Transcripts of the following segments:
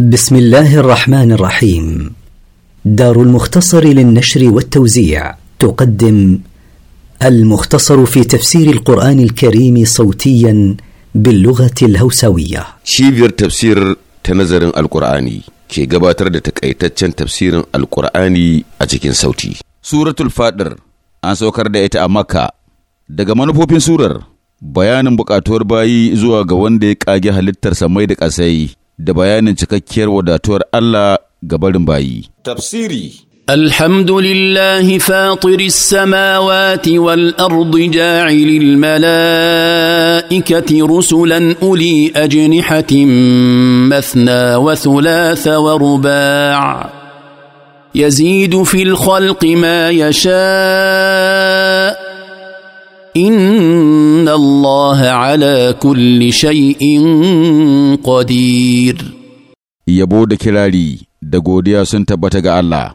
بسم الله الرحمن الرحيم دار المختصر للنشر والتوزيع تقدم المختصر في تفسير القرآن الكريم صوتيا باللغة الهوسوية شيفير تفسير تنظر القرآني كي قباتر تكأيتتشن تفسير القرآني أجيكين صوتي سورة الفاتر أن سوكر دائتا أمكا daga manufofin surar بيان bukatuwar bayi zuwa ga wanda ya kage halittar samai da da bayanin cikakkiyar wadatuwar Allah ga barin bayi. Tafsiri الحمد لله فاطر السماوات والارض جاعل الملائكه رسلا اولي اجنحه مثنى وثلاث ورباع يزيد في الخلق ما يشاء الله على كل شيء قدير yabo da kirari da godiya sun tabbata ga Allah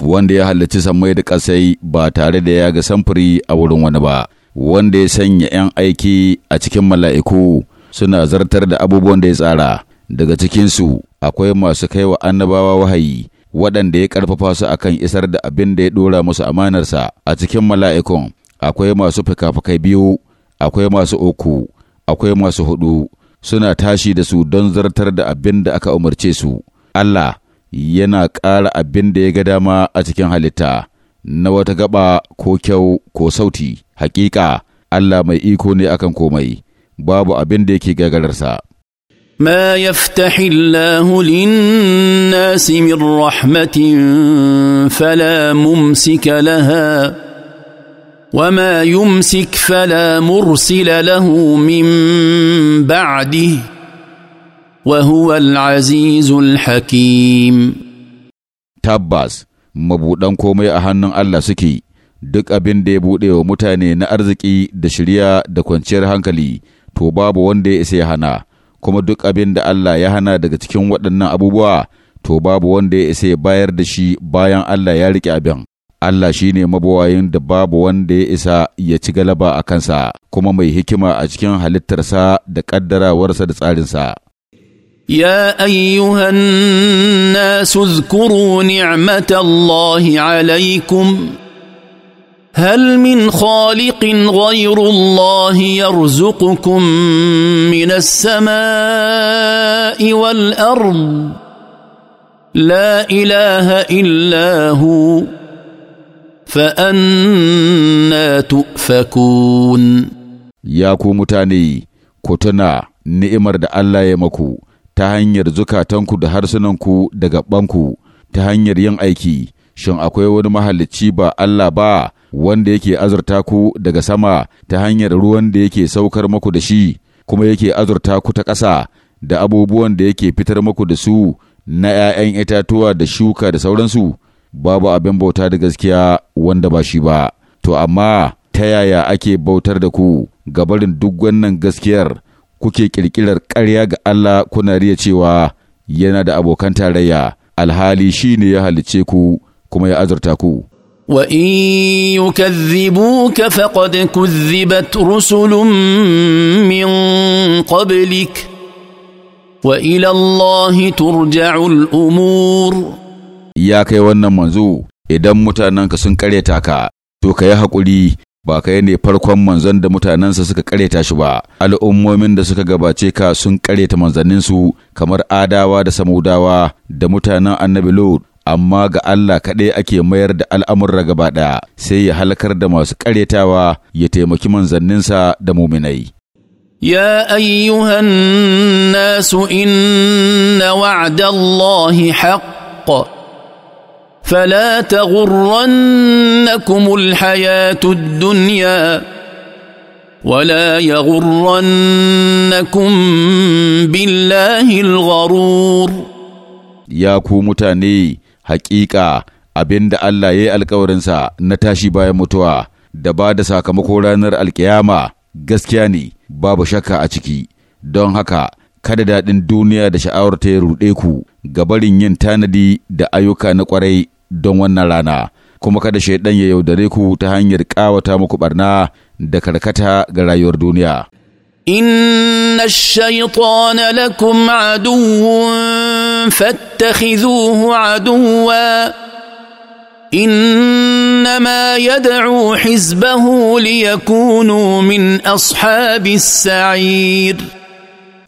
wanda ya halarci sammai da ƙasai ba tare da ya ga samfuri a wurin wani ba wanda ya sanya 'yan aiki a cikin mala'iku suna zartar da abubuwan da ya tsara daga cikinsu akwai masu kai wa annabawa wahayi waɗanda ya ƙarfafa su akan isar da abin da ya ɗora musu amanarsa a cikin mala'ikun akwai masu fikafikai biyu akwai masu uku, akwai masu hudu, suna tashi da su don zartar da abin da aka umarce su. Allah yana ƙara abin da ya ga dama a cikin halitta, na wata gaba ko kyau ko sauti, hakika Allah mai iko ne akan komai, babu abin da yake gagararsa. ما يفتح الله للناس من رحمه فلا ممسك لها وما يمسك فلا مرسل له من بعده وهو العزيز الحكيم تباس mabuɗan komai a hannun Allah suke duk abin da ya buɗe wa mutane na arziki da shirya da kwanciyar hankali to babu wanda ya isa ya hana kuma duk abin da Allah ya hana daga cikin waɗannan abubuwa to babu wanda ya isa ya bayar da shi bayan Allah ya riƙe abin Allah shi ne mabawayin da babu wanda ya isa ya ci galaba a kansa, kuma mai hikima a cikin halittarsa da ƙaddarawarsa da tsarinsa. يا ايها الناس اذكروا نعمه الله عليكم هل من خالق غير الله يرزقكم من السماء والارض لا اله الا هو fa'anna tufakun. Ya ku mutane, ku tuna ni'imar da Allah ya maku ta hanyar zukatanku da harsunanku da gabanku ta hanyar yin aiki, shin akwai wani mahalicci ba Allah ba wanda yake azurta ku daga sama ta hanyar ruwan da yake saukar maku da shi, kuma yake azurta ku ta ƙasa da abubuwan da yake fitar maku da su na ‘ya'yan itatuwa da shuka da sauransu. babu abin bauta da gaskiya wanda ba shi ba, to amma ta yaya ake bautar da ku gabarin duk wannan gaskiyar kuke kirkirar ƙarya ga Allah kuna riya cewa yana da abokan tarayya alhali shi ne ya halicce ku kuma ya azurta ku. وان يكذبوك فقد كذبت رسل من قبلك والى الله ترجع umur. ya kai wannan manzo idan mutanenka sun kareta ka to ka yi haƙuri ba kai ne farkon manzon da mutanensa suka kareta shi ba al'ummomin da suka gabace ka sun kareta manzanninsu kamar adawa da samudawa da mutanen annabi lod amma ga Allah kaɗai ake mayar da al'amurra gaba ɗaya sai ya halakar da masu karetawa ya taimaki manzanninsa da muminai. يا ayyuhan الناس inna وعد الله حق فلا تغرنكم الحياه الدنيا ولا يغرنكم بالله الغرور يا ku mutane haƙiƙa abinda Allah ya yi alkawarinsa na tashi bayan mutuwa da ba da sakamako ranar alkiyama gaskiya ne babu shakka a ciki don haka kada daɗin duniya da sha'awar ta ya ruɗe ku ga barin yin tanadi da ayyuka na ƙwarai don wannan rana kuma kada shaidan ya yaudare ku ta hanyar ƙawata muku barna da karkata ga rayuwar duniya inna shaitana lakum aduwwun fattakhidhuhu aduwwa إنما يدعو حزبه ليكونوا من أصحاب السعير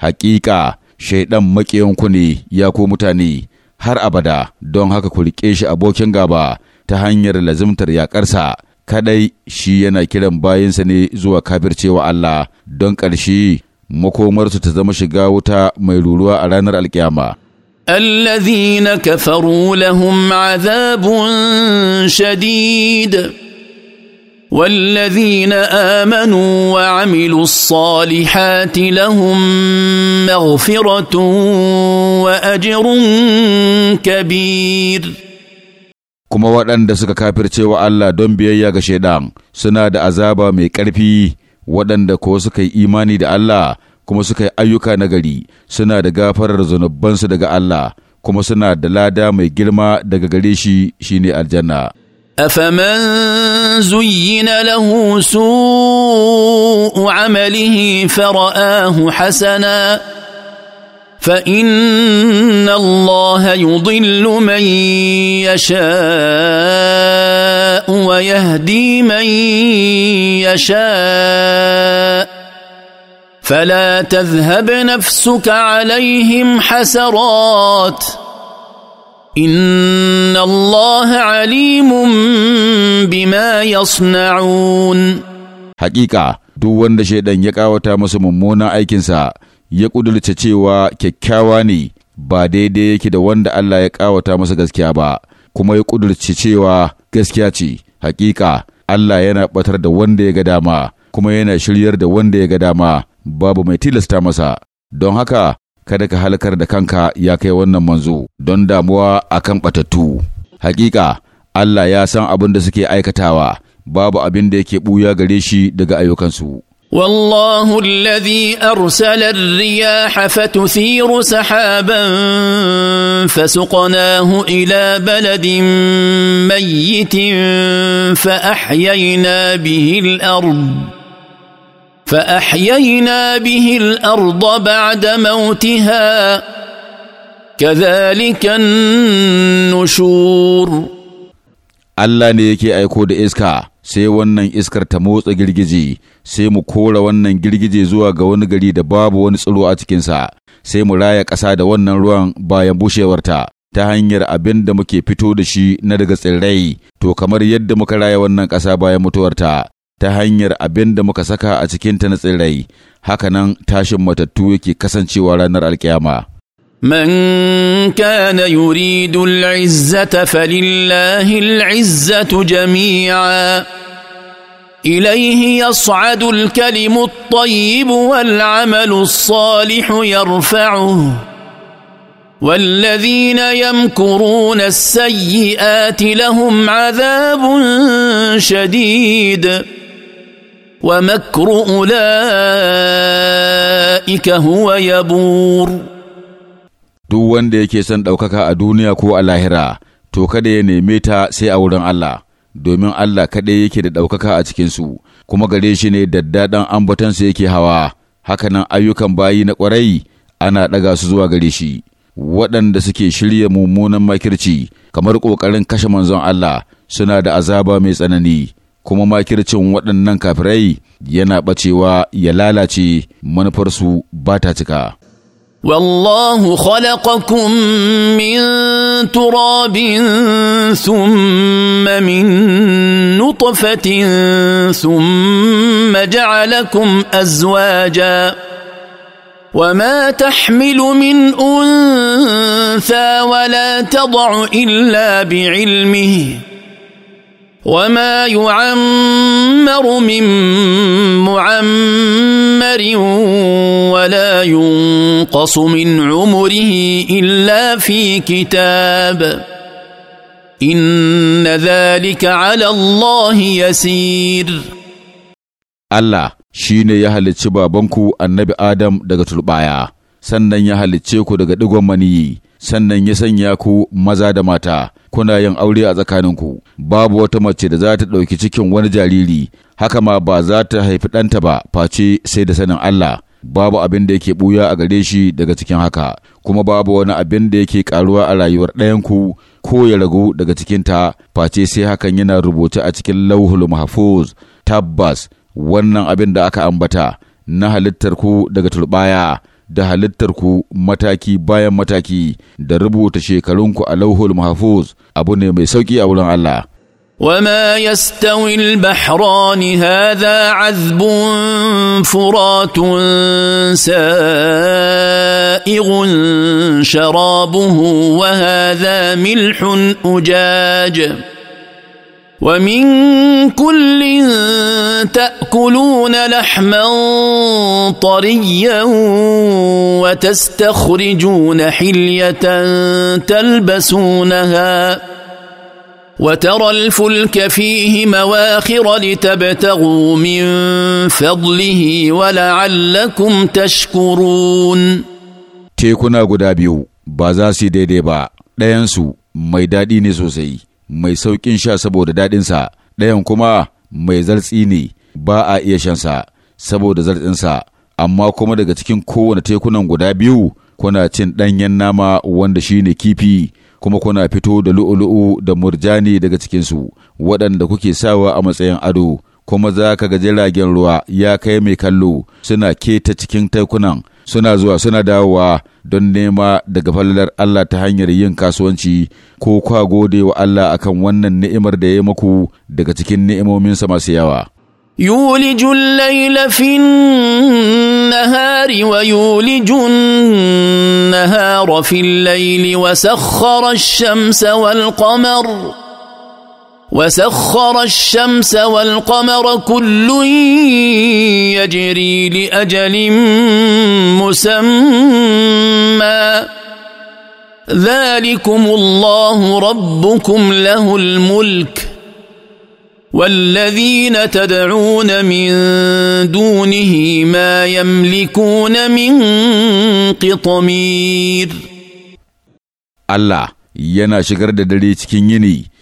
حقيقة شيطان مكيون كوني يا كومتاني har abada don haka ku riƙe shi abokin gaba ta hanyar lazimtar yaƙarsa kadai shi yana kiran bayansa ne zuwa kafircewa Allah don ƙarshe makomarsu ta zama shiga wuta mai ruruwa a ranar alkiyama. الذين كفروا لهم عذاب شديد والذين امنوا وعملوا الصالحات لهم مغفره واجر كبير kuma waɗanda suka kafirce wa Allah don biyayya ga shaidan suna da azaba mai ƙarfi waɗanda ko suka yi imani da Allah kuma suka yi ayyuka nagari suna da gafarar zunubansu daga Allah kuma suna da lada mai girma daga gare shi shine aljanna أفمن زين له سوء عمله فرآه حسنا فإن الله يضل من يشاء ويهدي من يشاء فلا تذهب نفسك عليهم حسرات ان الله عليم بما يصنعون حقيقه duk wanda shaidan ya kawata masa mummunan aikinsa ya ƙudurce cewa kyakkyawa ne ba daidai yake da wanda Allah ya kawata masa gaskiya ba kuma ya ƙudurce cewa gaskiya ce hakika Allah yana batar da wanda ya ga dama kuma yana shiryar da wanda ya ga dama babu mai tilasta masa don haka kada ka halakar da kanka ya kai wannan manzo don damuwa a kan ɓatattu. hakika Allah ya san abin da suke aikatawa babu abin da yake ɓuya gare shi daga ayyukansu والله الذي ارسل الرياح فتثير سحابا فسقناه الى بلد ميت فاحيينا به الارض فاحيينا به الارض بعد موتها كذلك النشور Allah ne yake aiko da iska sai wannan iskar ta motsa girgije sai mu kora wannan girgije zuwa ga wani gari da babu wani tsiro a cikinsa sai mu raya ƙasa da wannan ruwan bayan bushewarta ta hanyar abin da muke fito da shi na daga tsirrai to kamar yadda muka raya wannan ƙasa bayan mutuwarta ta hanyar abin da muka saka a cikin ta na tsirrai, hakanan tashin matattu yake kasancewa ranar alkiyama. من كان يريد العزة فلله العزة جميعا إليه يصعد الكلم الطيب والعمل الصالح يرفعه والذين يمكرون السيئات لهم عذاب شديد ومكر أولئك هو يبور duk wanda yake son ɗaukaka a duniya ko a lahira to kada ya neme ta sai a wurin Allah domin Allah kaɗai yake da ɗaukaka a cikinsu kuma gare shi ne daddaɗan ambatansu yake hawa hakanan ayyukan bayi na ƙwarai ana ɗaga su zuwa gare shi waɗanda suke shirya mummunan makirci kamar ƙoƙarin kashe manzon Allah suna da azaba mai tsanani kuma makircin waɗannan kafirai yana ɓacewa ya lalace manufarsu ba ta cika. والله خلقكم من تراب ثم من نطفه ثم جعلكم ازواجا وما تحمل من انثى ولا تضع الا بعلمه وما يعمر من معمر ولا ينقص من عمره الا في كتاب ان ذلك على الله يسير الله shine ya halicci babanku annabi Adam daga Tulɓaya sannan ya halicce ku daga digon maniyi sannan ya sanya ku maza da mata kuna yin aure a tsakaninku babu wata mace da za ta ɗauki cikin wani jariri haka ma ba za ta haifi ɗanta ba face sai da sanin Allah babu abin da yake buya a gare shi daga cikin haka kuma babu wani abin da yake karuwa a rayuwar ɗayanku ko ya ragu daga cikinta face sai hakan yana rubuce a cikin lauhul mahfuz tabbas wannan abin da aka ambata na halittar ku daga turbaya da halittarku mataki bayan mataki da rubuta shekarunku a lauhul mahfuz abu ne mai sauƙi a wurin Allah. وما يستوي البحران هذا عذب فرات سائغ شرابه وهذا ملح أجاج ومن كل تاكلون لحما طريا وتستخرجون حليه تلبسونها وترى الفلك فيه مواخر لتبتغوا من فضله ولعلكم تشكرون تيكونا قدابيو بازاسي ba لا ينسو daidai ba mai sauƙin sha saboda daɗinsa, ɗayan kuma mai zartsi ne ba a iya shansa saboda zartsinsa, amma kuma daga cikin kowane tekunan guda biyu kuna cin ɗanyen nama wanda shi ne kifi, kuma kuna fito da lu'ulu'u da murjani daga cikinsu, waɗanda kuke sawa a matsayin ado, kuma za ka ga jiragen ruwa ya kai mai kallo suna keta cikin taikunan suna zuwa suna dawowa don nema daga fallar Allah ta hanyar yin kasuwanci ko kwa gode wa Allah akan wannan ni'imar da ya maku daga cikin ni'imominsa masu yawa. يولج الليل في النهار ويولج النهار في الليل وسخر الشمس والقمر وسخر الشمس والقمر كل يجري لاجل مسمى ذلكم الله ربكم له الملك والذين تدعون من دونه ما يملكون من قطمير الله ينا شكر دليل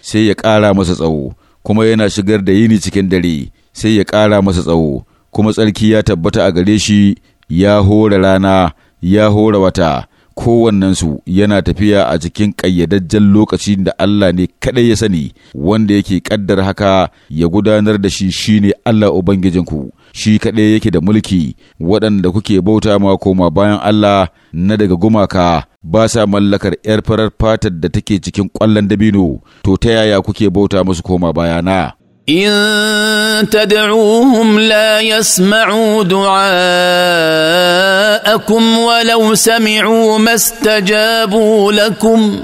sai ya ƙara masa tsawo kuma yana shigar da yini cikin dare sai ya ƙara masa tsawo kuma tsarki ya tabbata a gare shi ya hora rana ya hora wata kowannensu yana tafiya a cikin ƙayyadajjen lokacin da Allah ne kaɗai ya sani wanda yake ƙaddar haka ya gudanar da shi shine Allah Ubangijinku shi kaɗai yake da mulki waɗanda kuke bauta ma koma bayan Allah na daga gumaka ba sa mallakar 'yar farar fatar da take cikin ƙwallon dabino to ta yaya kuke bauta musu koma bayana ان تدعوهم لا يسمعوا دعاءكم ولو سمعوا ما استجابوا لكم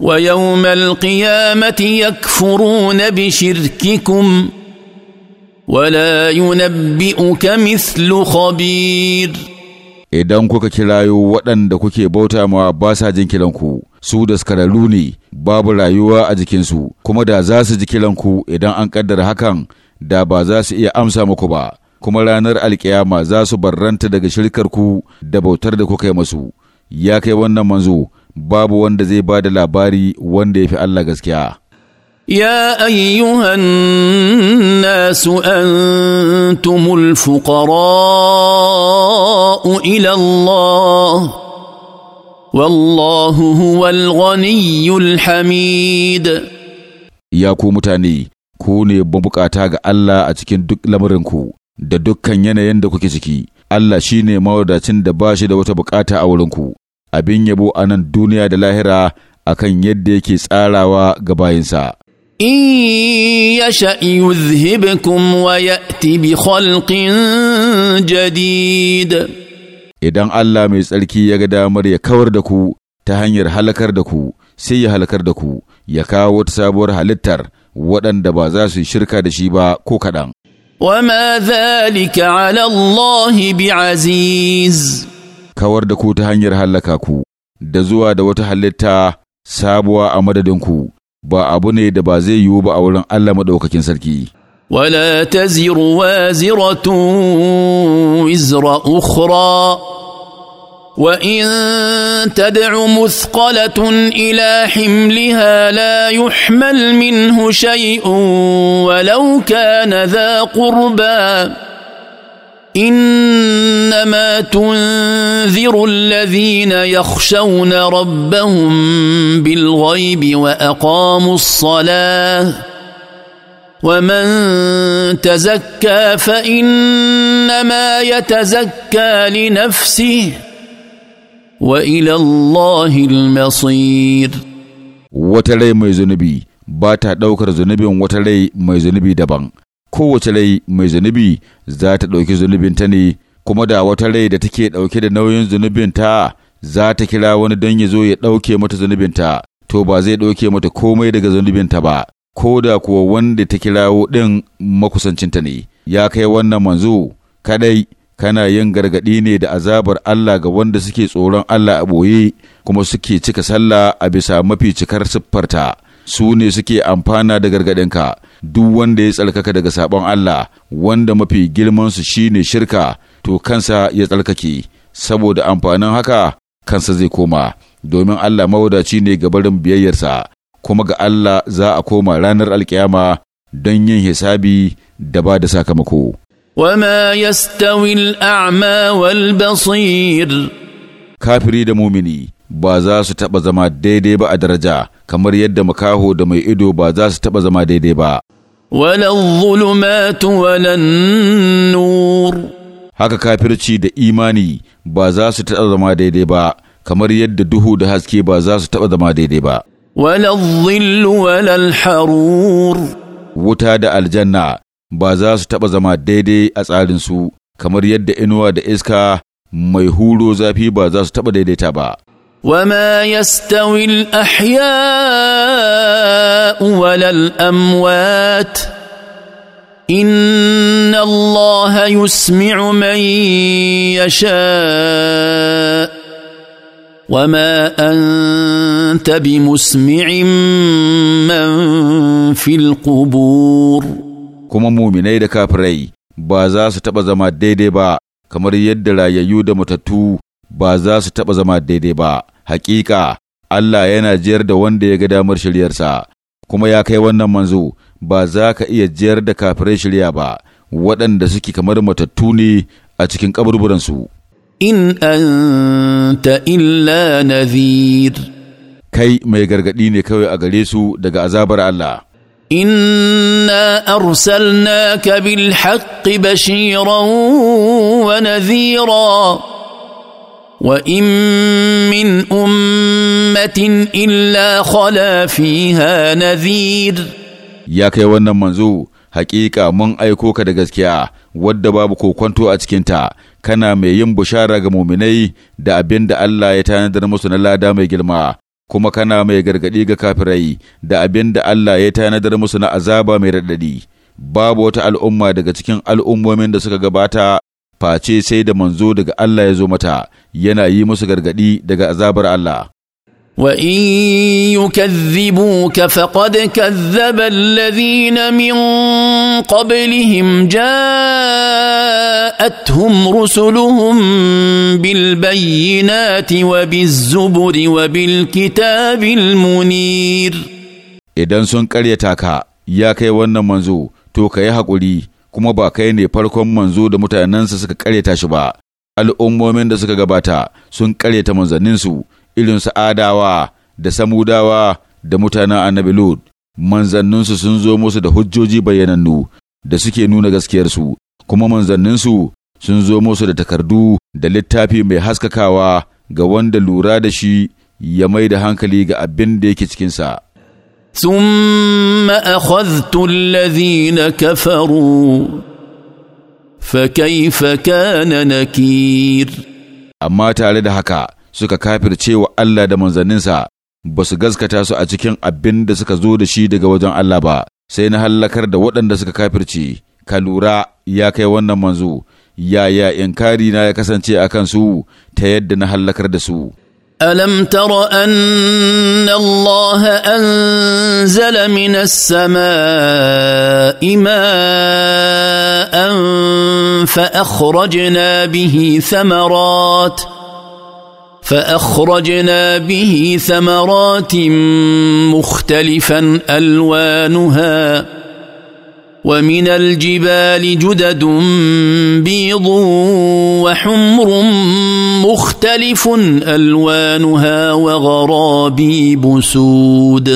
ويوم القيامه يكفرون بشرككم ولا ينبئك مثل خبير idan kuka kirayo waɗanda kuke bauta ma ba sa jin kiranku su daskararru ne babu rayuwa a jikinsu kuma da za su ji kiranku idan an ƙaddara hakan da ba za su iya amsa muku ba kuma ranar alkiyama za su barranta daga shirkarku da bautar da kuka yi masu ya kai wannan manzo babu wanda zai ba da labari wanda ya fi Allah gaskiya يا ايها الناس انتم الفقراء الى الله والله هو الغني الحميد يا ku mutane ku ne mabukata ga Allah a cikin duk lamarinku da dukkan yanayin da kuke ciki Allah shine mawadacin da ba shi da wata bukata a wurinku abin yabo a nan duniya da lahira akan yadda yake tsarawa ga bayinsa إن يشأ يذهبكم ويأتي بخلق جديد idan Allah mai tsarki ya ga damar ya kawar da ku ta hanyar halakar da ku sai ya halakar da ku ya kawo wata sabuwar halittar waɗanda ba za su shirka da shi ba ko kaɗan. وما ذلك bi الله aziz. kawar da ku ta hanyar halaka ku da zuwa da wata halitta sabuwa a madadinku ba abu ne da ba zai yiwu ba a wurin Allah maɗaukakin sarki. Wala ta ziruwa ziratu izra ukhra وإن تدع مثقلة إلى حملها لا يحمل منه شيء ولو كان ذا قربى انما تنذر الذين يخشون ربهم بالغيب واقاموا الصلاه ومن تزكى فانما يتزكى لنفسه والى الله المصير وتلي ميزنبي باتا دوكر زنبي وتلي ميزنبي دبان kowace rai mai zunubi za ta ɗauki zunubinta ne kuma da wata rai da take ɗauke da nauyin zunubinta za ta kira wani don ya zo ya ɗauke mata zunubinta to ba zai ɗauke mata komai daga zunubinta ba ko da kuwa wanda ta kirawo ɗin makusancinta ne ya kai wannan manzo kadai kana yin gargaɗi ne da azabar Allah ga wanda suke tsoron Allah a ɓoye kuma suke cika sallah a bisa mafi cikar siffarta su ne suke amfana da gargaɗinka duk wanda ya tsarkaka daga sabon Allah wanda mafi girman su shine shirka to kansa ya tsarkake saboda amfanin haka kansa zai koma domin Allah mawadaci ne ga barin biyayyarsa kuma ga Allah za a koma ranar alkiyama don yin hisabi da ba da sakamako وما يستوي wal basir kafiri da mumini ba za su taɓa zama daidai ba a daraja kamar yadda makaho da mai ido ba za su taɓa zama daidai ba. Wala zulumatu nur. Haka kafirci da imani ba za su taɓa zama daidai ba kamar yadda duhu da haske ba za su taɓa zama daidai ba. Wala zillu harur. Wuta da aljanna ba za su taɓa zama daidai a tsarinsu kamar yadda inuwa da iska mai huro zafi ba za su taɓa daidaita ba. وما يستوي الاحياء ولا الاموات ان الله يسمع من يشاء وما انت بمسمع من في القبور kuma muminai da kafirai ba za su taɓa zama daidai ba kamar yadda rayayyu da matattu ba za su taɓa zama daidai ba hakika Allah yana jiyar da wanda ya ga damar shiryarsa kuma ya kai wannan manzo ba za ka iya jiyar da kafirai shirya ba waɗanda suke kamar matattu ne a cikin ƙaburburansu in anta illa nazir. kai mai gargaɗi ne kawai a gare su daga azabar Allah Inna bil ارسلناك بالحق wa ونذيرا وان من امه الا خلا فيها نذير يا كي wannan manzo haƙiƙa mun aiko ka da gaskiya wadda babu kokonto a cikinta kana mai yin bushara ga muminai da abin da Allah ya tanadar musu na lada mai girma kuma kana mai gargaɗi ga kafirai da abin da Allah ya tanadar musu na azaba mai raɗaɗi babu wata al'umma daga cikin al'ummomin da suka gabata face sai da manzo daga Allah ya zo mata yana yi musu gargadi daga azabar Allah. Wa in yi kazzibu ka faƙad kazzabar lazi na min ƙabilihim ja a tuhun rusuluhun bilbayi na ti wa bilkita bilmunir. Idan sun ƙaryata taka, ya kai wannan manzo, to ka yi haƙuri kuma ba kai ne farkon manzo da mutanensa suka ta shi ba, al'ummomin da suka gabata sun kareta manzanninsu irin su adawa da samudawa da mutanen annabi Lod, manzanninsu sun zo musu da hujjoji bayyanannu da suke nuna gaskiyarsu, kuma manzanninsu sun zo musu da takardu da littafi mai haskakawa ga wanda lura da shi ya mai da hankali ga abin da yake cikinsa. ثم اخذت الذين كفروا فكيف كان نكير amma tare da haka suka kafirce wa Allah da manzanninsa ba su gaskata su a cikin abin da suka zo da shi daga wajen Allah ba sai na hallakar da waɗanda suka kafirce ka lura ya kai wannan manzo yaya inkari na ya kasance a kansu ta yadda na hallakar da su الم تر ان الله انزل من السماء ماء فاخرجنا به ثمرات فاخرجنا به ثمرات مختلفا الوانها ومن الجبال جدد بيض وحمر مختلف الوانها وغرابيب سود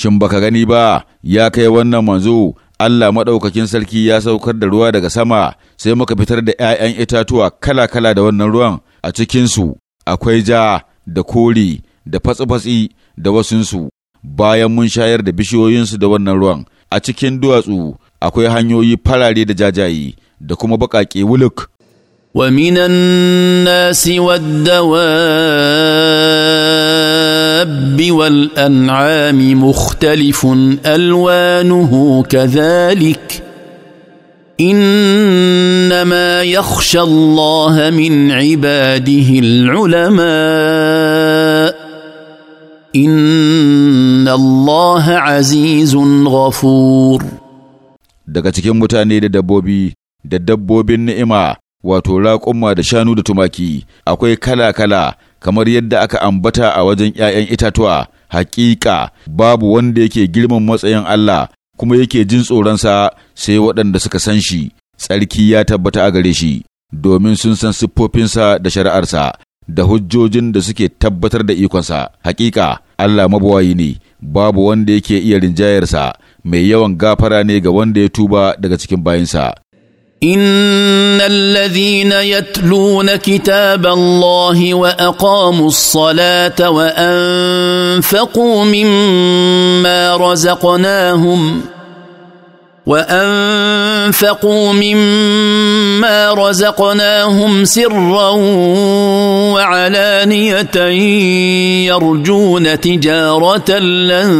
shin baka gani ba ya kai wannan manzo Allah maɗaukakin sarki ya saukar da ruwa daga sama sai muka fitar da ‘ya'yan itatuwa kala-kala da wannan ruwan a cikinsu akwai ja da kore da fatsi da wasunsu bayan mun shayar da bishiyoyinsu da wannan ruwan a cikin duwatsu akwai hanyoyi farare da jajaye da kuma bakake wuluk. Wa minan nasi والدواب والأنعام مختلف ألوانه كذلك إنما يخشى الله من عباده العلماء إن الله عزيز غفور daga cikin mutane da dabbobi da dabbobin ni'ima wato raƙumma da shanu da tumaki akwai kala-kala kamar yadda aka ambata a wajen ‘ya'yan itatuwa hakika babu wanda yake girman matsayin Allah kuma yake jin tsoronsa sai waɗanda suka san shi tsarki ya tabbata a gare shi domin sun san siffofinsa da shari'arsa da hujjojin da suke tabbatar da ikonsa hakika Allah mabuwayi ne babu wanda yake iya rinjayarsa mai yawan gafara ne ga wanda ya tuba daga cikin bayansa. Inna allazi na ya tulu na kitaban wa aƙamu salata wa an faƙo min وانفقوا مما رزقناهم سرا وعلانيه يرجون تجاره لن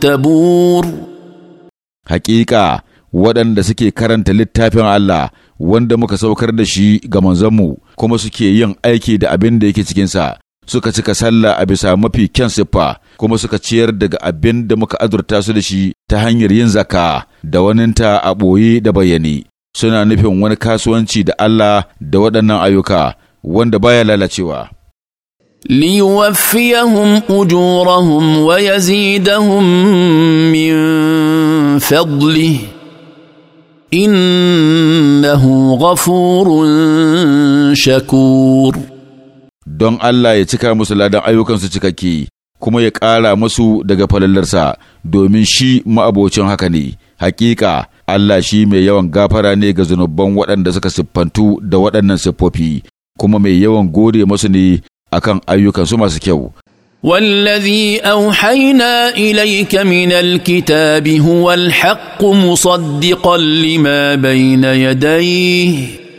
تبور حقيقه waɗanda suke karanta littafin Allah wanda muka saukar da shi ga manzanmu kuma suke yin aiki da abin da yake cikinsa suka cika sallah a bisa mafi kyan siffa kuma suka ciyar daga abin da muka azurta su da shi ta hanyar yin zaka da waninta a ɓoye da bayani suna nufin wani kasuwanci da Allah da waɗannan ayyuka wanda baya lalacewa. ليوفيهم أجورهم ويزيدهم من فضله إنه غفور شكور don Allah ya cika musu ladan ayyukansu cikakke kuma ya ƙara musu daga falallarsa domin shi ma'abocin haka ne hakika Allah shi mai yawan gafara ne ga zunuban waɗanda suka siffantu da waɗannan siffofi kuma mai yawan gode musu ne akan ayyukansu masu kyau والذي اوحينا اليك من الكتاب هو الحق مصدقا لما بين يديه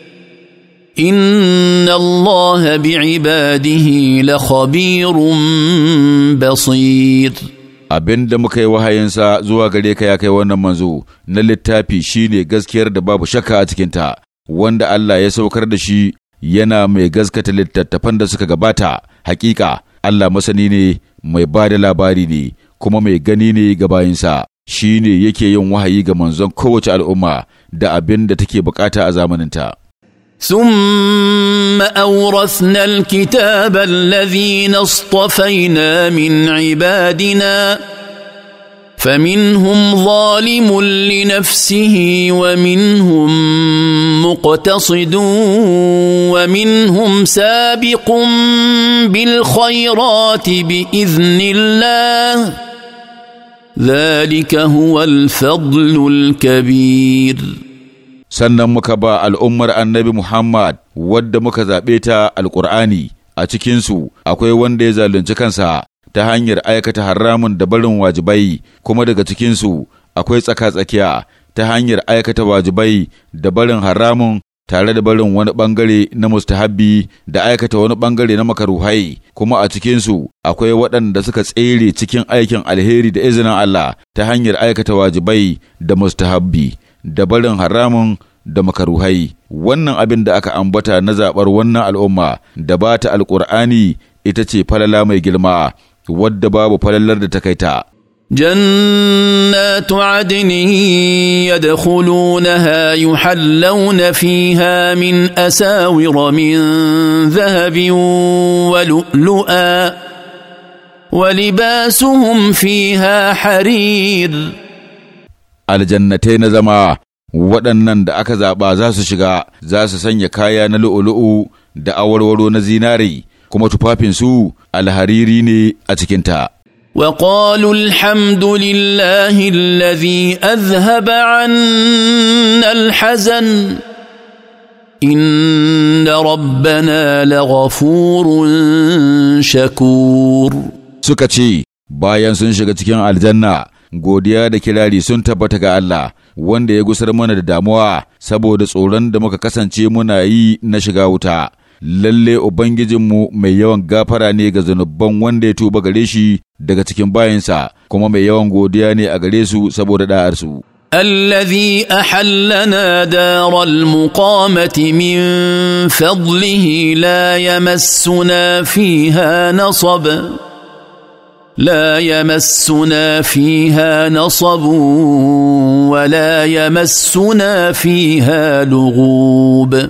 ان الله بعباده لخبير بصير abin da muka yi wahayinsa zuwa gare ka ya kai wannan manzo na littafi shine gaskiyar da babu shakka a cikinta wanda Allah ya saukar da shi yana mai gaskata littattafan da suka gabata hakika Allah masani ne mai ba da labari ne kuma mai gani ne ga bayinsa ne yake yin wahayi ga manzon kowace al'umma da abin da take bukata a zamaninta ثم اورثنا الكتاب الذين اصطفينا من عبادنا فمنهم ظالم لنفسه ومنهم مقتصد ومنهم سابق بالخيرات باذن الله ذلك هو الفضل الكبير sannan muka ba al'ummar annabi Muhammad wadda muka zaɓe ta alƙur'ani a cikinsu akwai wanda ya zalunci kansa ta hanyar aikata haramun da barin wajibai kuma daga cikinsu akwai tsaka-tsakiya ta hanyar aikata wajibai da barin haramun tare da barin wani bangare na mustahabbi da aikata wani bangare na makaruhai kuma a cikinsu akwai waɗanda suka tsere cikin aikin alheri da izinin Allah ta hanyar aikata wajibai da mustahabbi da barin haramun da makaruhai wannan abin da aka ambata na zaɓar wannan al'umma da ba ta alƙur'ani ita ce falala mai girma wadda babu falalar da ta kai ta. جنات عدن يدخلونها يحلون فيها من اساور من ذهب ولؤلؤا ولباسهم فيها حرير aljannatai na zama waɗannan da aka zaɓa za su shiga za su sanya kaya na lu'ulu'u da awarwaro na zinari, kuma tufafinsu alhariri ne a cikinta. وقالوا الحمد لله الذي اذهب عنا الحزن ان ربنا لغفور شكور suka ce bayan sun shiga cikin aljanna godiya da kirari sun tabbata ga Allah wanda ya gusar mana da damuwa saboda tsoron da muka kasance muna yi na shiga wuta. Lalle Ubangijinmu mai yawan gafara ne ga zunuban wanda ya tuba gare shi daga cikin bayansa kuma mai yawan godiya ne a gare su saboda da'arsu. الذي احلنا دار المقامه من فضله لا يمسنا فيها نصب لا يمسنا فيها نصب ولا يمسنا فيها لغوب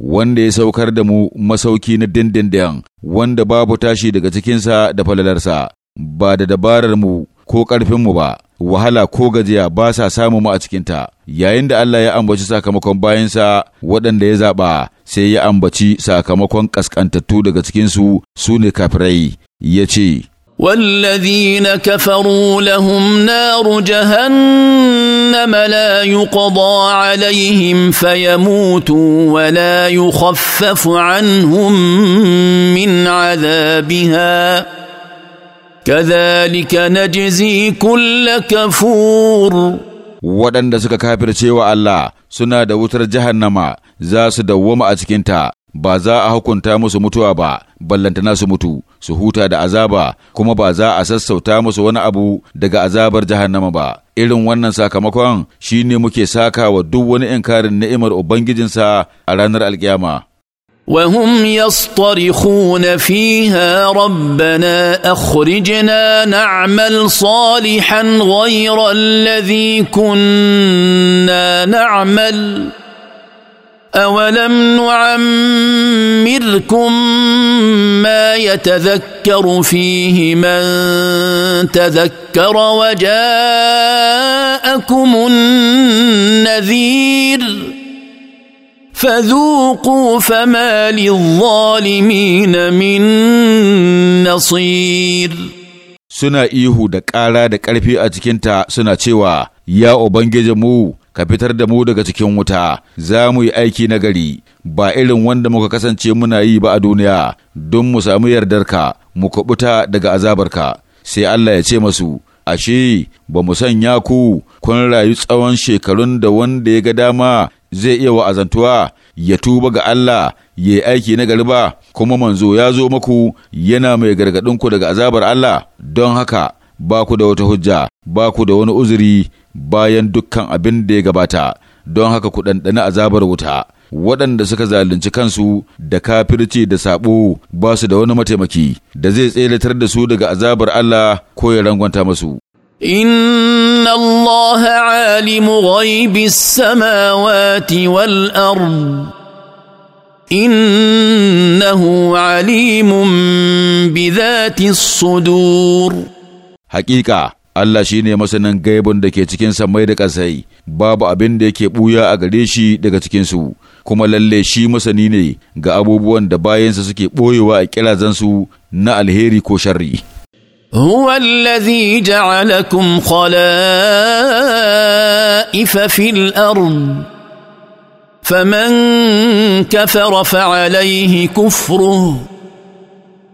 wanda ya saukar da mu masauki na dindindin wanda babu tashi daga cikinsa da falalarsa ba da dabarar mu ko ƙarfinmu ba wahala ko gajiya ba sa samu mu a cikinta yayin da Allah ya ambaci sakamakon bayansa waɗanda ya zaɓa sai ya ambaci sakamakon ƙasƙantattu daga cikinsu su ne kafirai ya ce والذين كفروا لهم نار جهنم لا يقضى عليهم فيموتوا ولا يخفف عنهم من عذابها كذلك نجزي كل كفور waɗanda suka kafirce wa Allah suna da wutar jahannama za su dawwama a cikinta ba za a hukunta musu mutuwa ba ballantana su mutu su huta da azaba kuma ba za a sassauta musu wani abu daga azabar jahannama ba irin wannan sakamakon shine muke saka wa duk wani inkarin ni'imar ubangijinsa a ranar alkiyama وهم يصطرخون فيها ربنا اخرجنا نعمل صالحا غير الذي كنا نعمل أولم نعمركم ما يتذكر فيه من تذكر وجاءكم النذير فذوقوا فما للظالمين من نصير suna ihu da ƙara da ƙarfi a cikinta suna cewa ya ubangijinmu ka fitar da mu daga cikin wuta za mu yi aiki na gari ba irin wanda muka kasance muna yi ba a duniya don mu samu yardarka mu kubuta daga azabarka sai Allah ya ce masu ashe ba mu sanya ku kun rayu tsawon shekarun da wanda ya ga dama zai iya wa'azantuwa ya tuba ga Allah ya yi aiki na gari ba kuma manzo ya zo maku yana mai ku daga azabar Allah don haka ba ku da wata hujja ba ku da wani uzuri bayan dukkan abin da ya gabata don haka ku ɗanɗani azabar wuta waɗanda suka zalunci kansu da kafirci da saɓo ba su da wani mataimaki da zai tseratar da su daga azabar Allah ko ya rangwanta masu. Inna Allah alimu ghaibi samawati wal ard innahu alimun bi sudur. Hakika, Allah shi ne masanin gaibun da ke cikin samai da ƙasai, babu abin da yake ɓuya a gare shi daga cikinsu, kuma lalle shi masani ne ga abubuwan da bayansa suke ɓoyewa a ƙirazansu na alheri ko sharri. هو الذي جعلكم خلائف في الارض فمن كفر فعليه كفره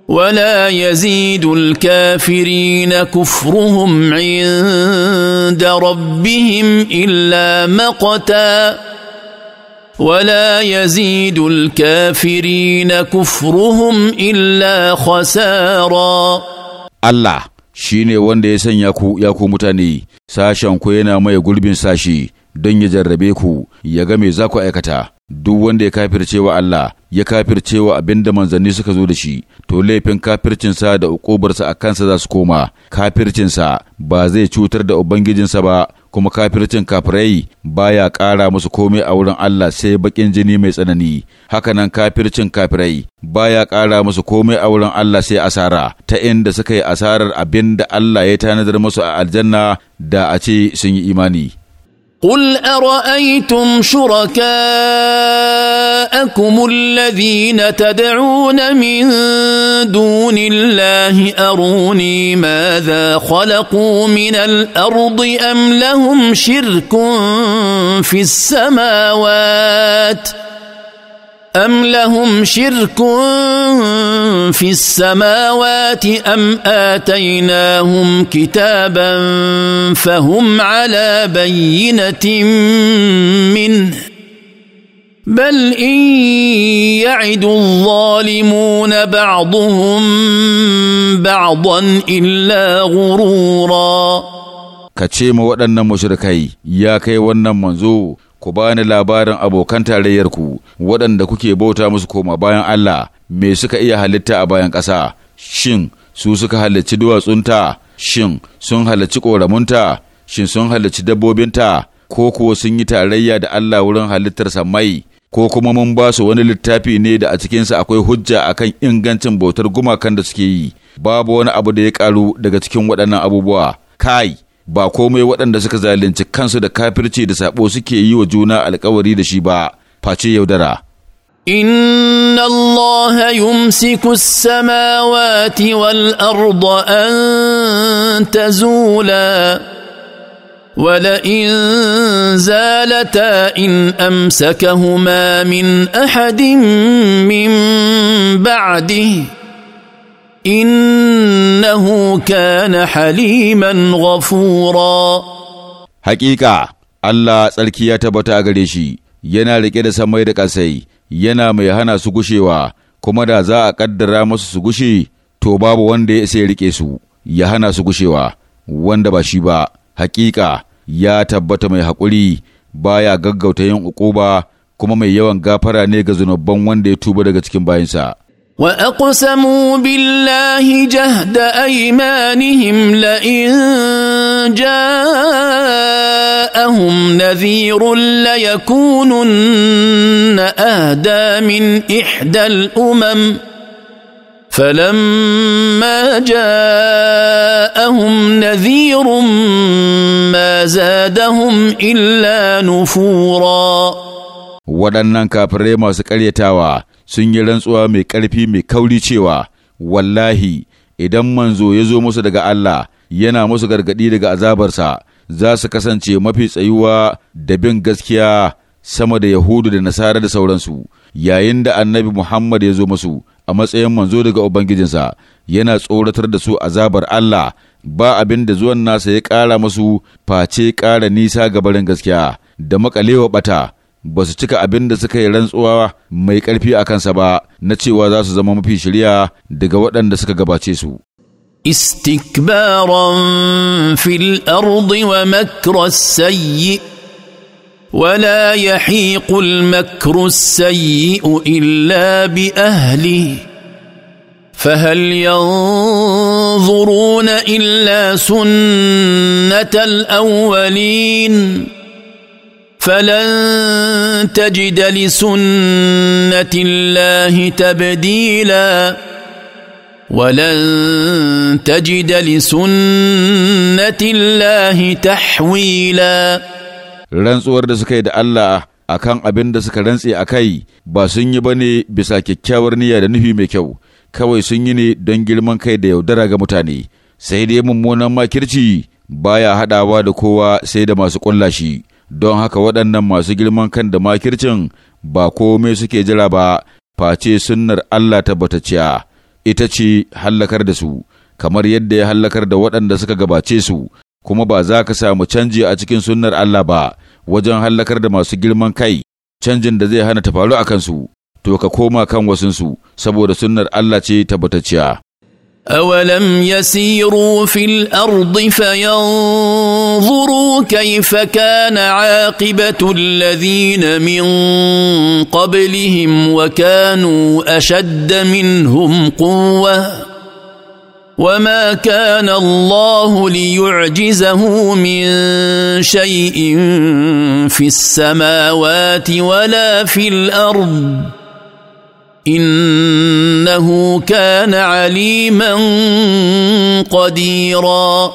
ولا يزيد الكافرين كفرهم عند ربهم الا مقتا ولا يزيد الكافرين كفرهم الا خسارا الله shine wanda ya sanya ku ya ku mutane sashen ku yana mai gurbin sashi don ya jarrabe ku ya ga me za ku aikata duk wanda ya kafirce wa Allah ya kafirce wa abin da manzanni suka zo da shi to laifin kafircinsa da ukubarsa a kansa za su koma kafircinsa ba zai cutar da ubangijinsa ba kuma kafircin kafirai baya kara musu komai a wurin Allah sai bakin jini mai tsanani hakanan kafircin kafirai baya kara musu komai a wurin Allah sai asara ta inda suka yi asarar abin da Allah ya tanadar musu a aljanna da a ce sun yi imani قل ارايتم شركاءكم الذين تدعون من دون الله اروني ماذا خلقوا من الارض ام لهم شرك في السماوات أم لهم شرك في السماوات أم آتيناهم كتابا فهم على بينة منه بل إن يعد الظالمون بعضهم بعضا إلا غرورا كتشيم ودن مشركي يا كي ونن منزو ku ba ni labarin abokan tarayyarku waɗanda kuke bauta musu koma bayan Allah me suka iya halitta a bayan ƙasa shin su suka halarci duwatsunta shin sun halarci ƙoramunta shin sun halarci dabbobinta ko kuwa sun yi tarayya da Allah wurin halittar mai ko kuma mun ba su wani littafi ne da a cikinsa akwai hujja akan ingancin bautar gumakan da suke yi babu wani abu da ya ƙaru daga cikin waɗannan abubuwa kai ba komai waɗanda suka zalunci kansu da kafirci da sabo suke yi wa juna alkawari da shi ba face yaudara ان الله يمسك السماوات والارض ان تزولا ولئن زالتا ان امسكهما من احد من بعده innahu kana haliman ghafura Haƙiƙa, Allah tsarki ya tabbata a gare shi yana riƙe da samai da ƙasai yana mai hana su gushewa kuma da za a ƙaddara masu su gushe to babu wanda ya isa ya riƙe su ya hana su gushewa wanda ba shi ba Haƙiƙa, ya tabbata mai haƙuri baya gaggauta yin uquba kuma mai yawan gafara ne ga zunubban wanda ya tuba daga cikin bayinsa واقسموا بالله جهد ايمانهم لئن جاءهم نذير ليكونن اهدى من احدى الامم فلما جاءهم نذير ما زادهم الا نفورا waɗannan kafirai masu sun yi rantsuwa mai ƙarfi mai kauri cewa wallahi idan manzo ya zo musu daga Allah yana musu gargaɗi daga azabarsa za su kasance mafi tsayuwa da bin gaskiya sama da Yahudu da Nasara da sauransu yayin da annabi Muhammad ya zo musu a matsayin manzo daga Ubangijinsa yana tsoratar da su azabar Allah ba abin da zuwan nasa ya ƙara musu face ƙara nisa ga barin gaskiya da makalewa ɓata ba su cika abin da suka yi rantsuwa mai ƙarfi a kansa ba na cewa za su zama mafi shirya daga waɗanda suka gabace su. Istikbaran fil ardi wa makra sayyi ولا يحيق المكر السيء إلا بأهله فهل ينظرون إلا سنة الأولين فلن تجد لسنه الله تبديلا ولن تجد لسنه الله تحويلا rantsuwar da suka yi da Allah a abin da suka rantse a kai ba sun yi ba ne bisa kyakkyawar niyya da nufi mai kyau kawai sun yi ne don girman kai da yaudara ga mutane sai dai mummunan makirci baya haɗawa da kowa sai da masu ƙulla shi don haka waɗannan masu girman kan da makircin ba komai suke jira ba face sunnar Allah tabbatacciya ita ce hallakar da su kamar yadda ya hallakar da waɗanda suka gabace su kuma ba za ka samu canji a cikin sunnar Allah ba wajen hallakar da masu girman kai canjin da zai hana ta faru a kansu to ka koma kan wasunsu saboda sunnar Allah ce tabbatacciya أولم يسيروا في الأرض فينظروا كيف كان عاقبة الذين من قبلهم وكانوا أشد منهم قوة وما كان الله ليعجزه من شيء في السماوات ولا في الأرض انه كان عليما قديرا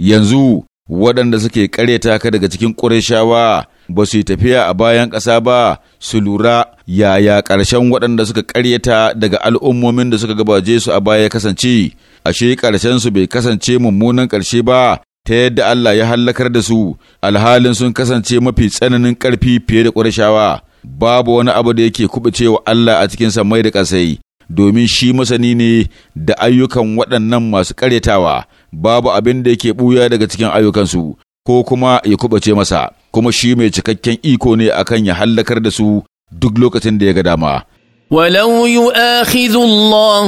yanzu waɗanda suke ƙareta ka daga cikin ƙurashawa, ba su yi tafiya a bayan ƙasa ba su lura yaya ƙarshen waɗanda suka ƙaryata daga al'ummomin da suka gabaje su a baya kasance ashe ƙarshensu bai kasance mummunan ƙarshe ba ta yadda Allah ya hallakar da su alhalin sun kasance mafi tsananin ƙarfi fiye da ƙurashawa. babu wani abu da yake kubuce wa Allah a cikin mai da ƙasai domin shi masani ne da ayyukan waɗannan masu ƙaretawa babu abin da yake ɓuya daga cikin ayyukansu ko kuma ya kubuce masa kuma shi mai cikakken iko ne akan ya hallakar da su duk lokacin da ya ga dama ولو يؤاخذ الله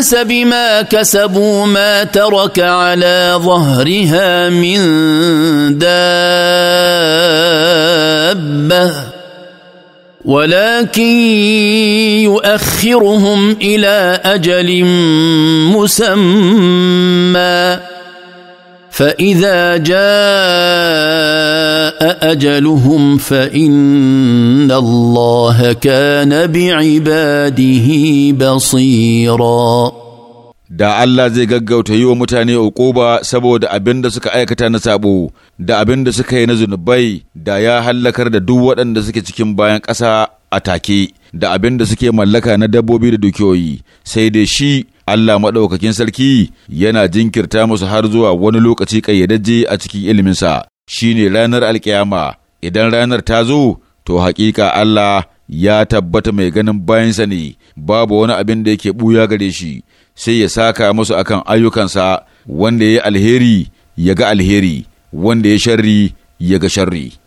الناس بما كسبوا ما ترك على ظهرها من دابه ولكن يؤخرهم الى اجل مسمى فاذا جاء اجلهم فان الله كان بعباده بصيرا da Allah zai gaggauta yi wa mutane uquba saboda abin da suka aikata na sabo da abin da suka yi na zunubai da ya hallakar da duk waɗanda suke cikin bayan ƙasa a take da abin da suke mallaka na dabbobi da dukiyoyi sai dai shi Allah maɗaukakin sarki yana jinkirta musu har zuwa wani lokaci ƙayyadajje a cikin iliminsa ne ranar alkiyama idan ranar ta zo to haƙiƙa Allah ya tabbata mai ganin bayansa ne babu wani abin da yake ɓuya gare shi sai ya saka musu akan ayyukansa wanda ya yi alheri ya ga alheri wanda ya sharri ya ga sharri